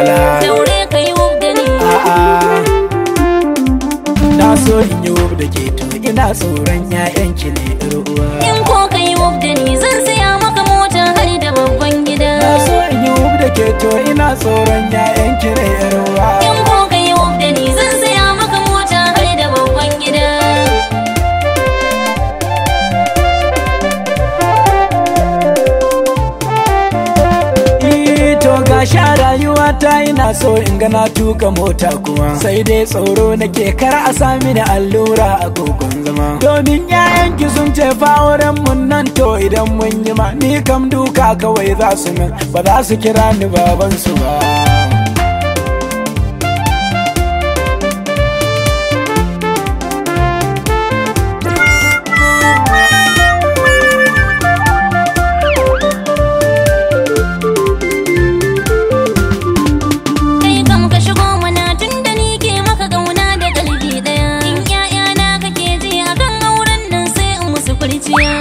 ala daure ka yi wub da ni a'a na so in yi wub da ke to ina tsoron 'ya'yanki ne ɗan uwa in ko ka yi wub da ni zan saya maka mota har da babban gida na so in yi wub da ke to ina tsoron 'ya'yanki mata ina so in gana na tuka mota kuma sai dai tsoro nake kar a sami da allura a kokon zama domin yayan ki sun ce fa auren mun nan to idan mun yi ma ni kam duka kawai za su min ba za su kira ni baban su ba riêng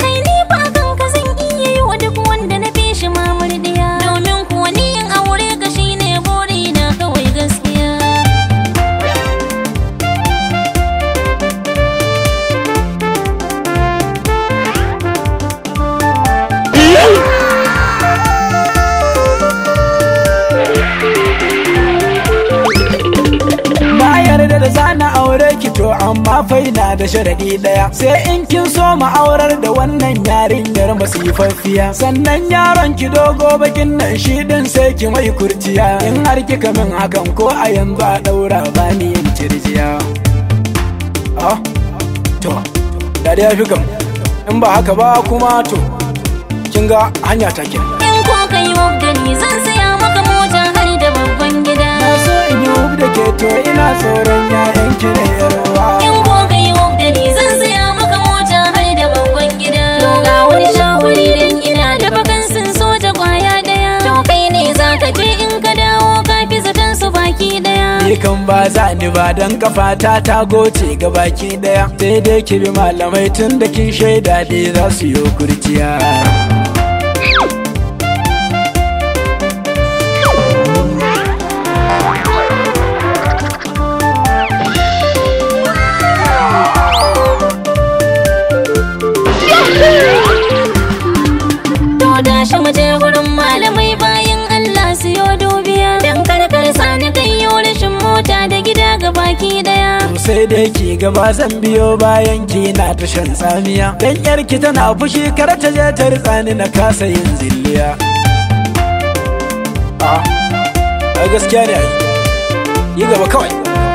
to amma fai na da sharadi ɗaya sai in kin so mu aurar da wannan yarinyar masifaffiya sannan yaron ki dogo bakin nan shi din sai ki mai kurciya in har kika min hakan ko a yanzu a ɗaura ba ni yin kirjiya ah to da ya fi kam in ba haka ba kuma to kin ga hanya ta ke in ko kai wa gani zan saya maka mota har da babban gida na so in yi da ke to ina tsoro ba za ni ba don kafata ta goce ga baki daya sai dai ki bi malamai tun da kin shaida dai za su yi kurciya sai dai ki gaba zan biyo bayan ki na ta tsamiya dan yar ki tana fushi kar ta je ta ritsani na kasa yin zilliya a ah, gaskiya ne yi gaba kawai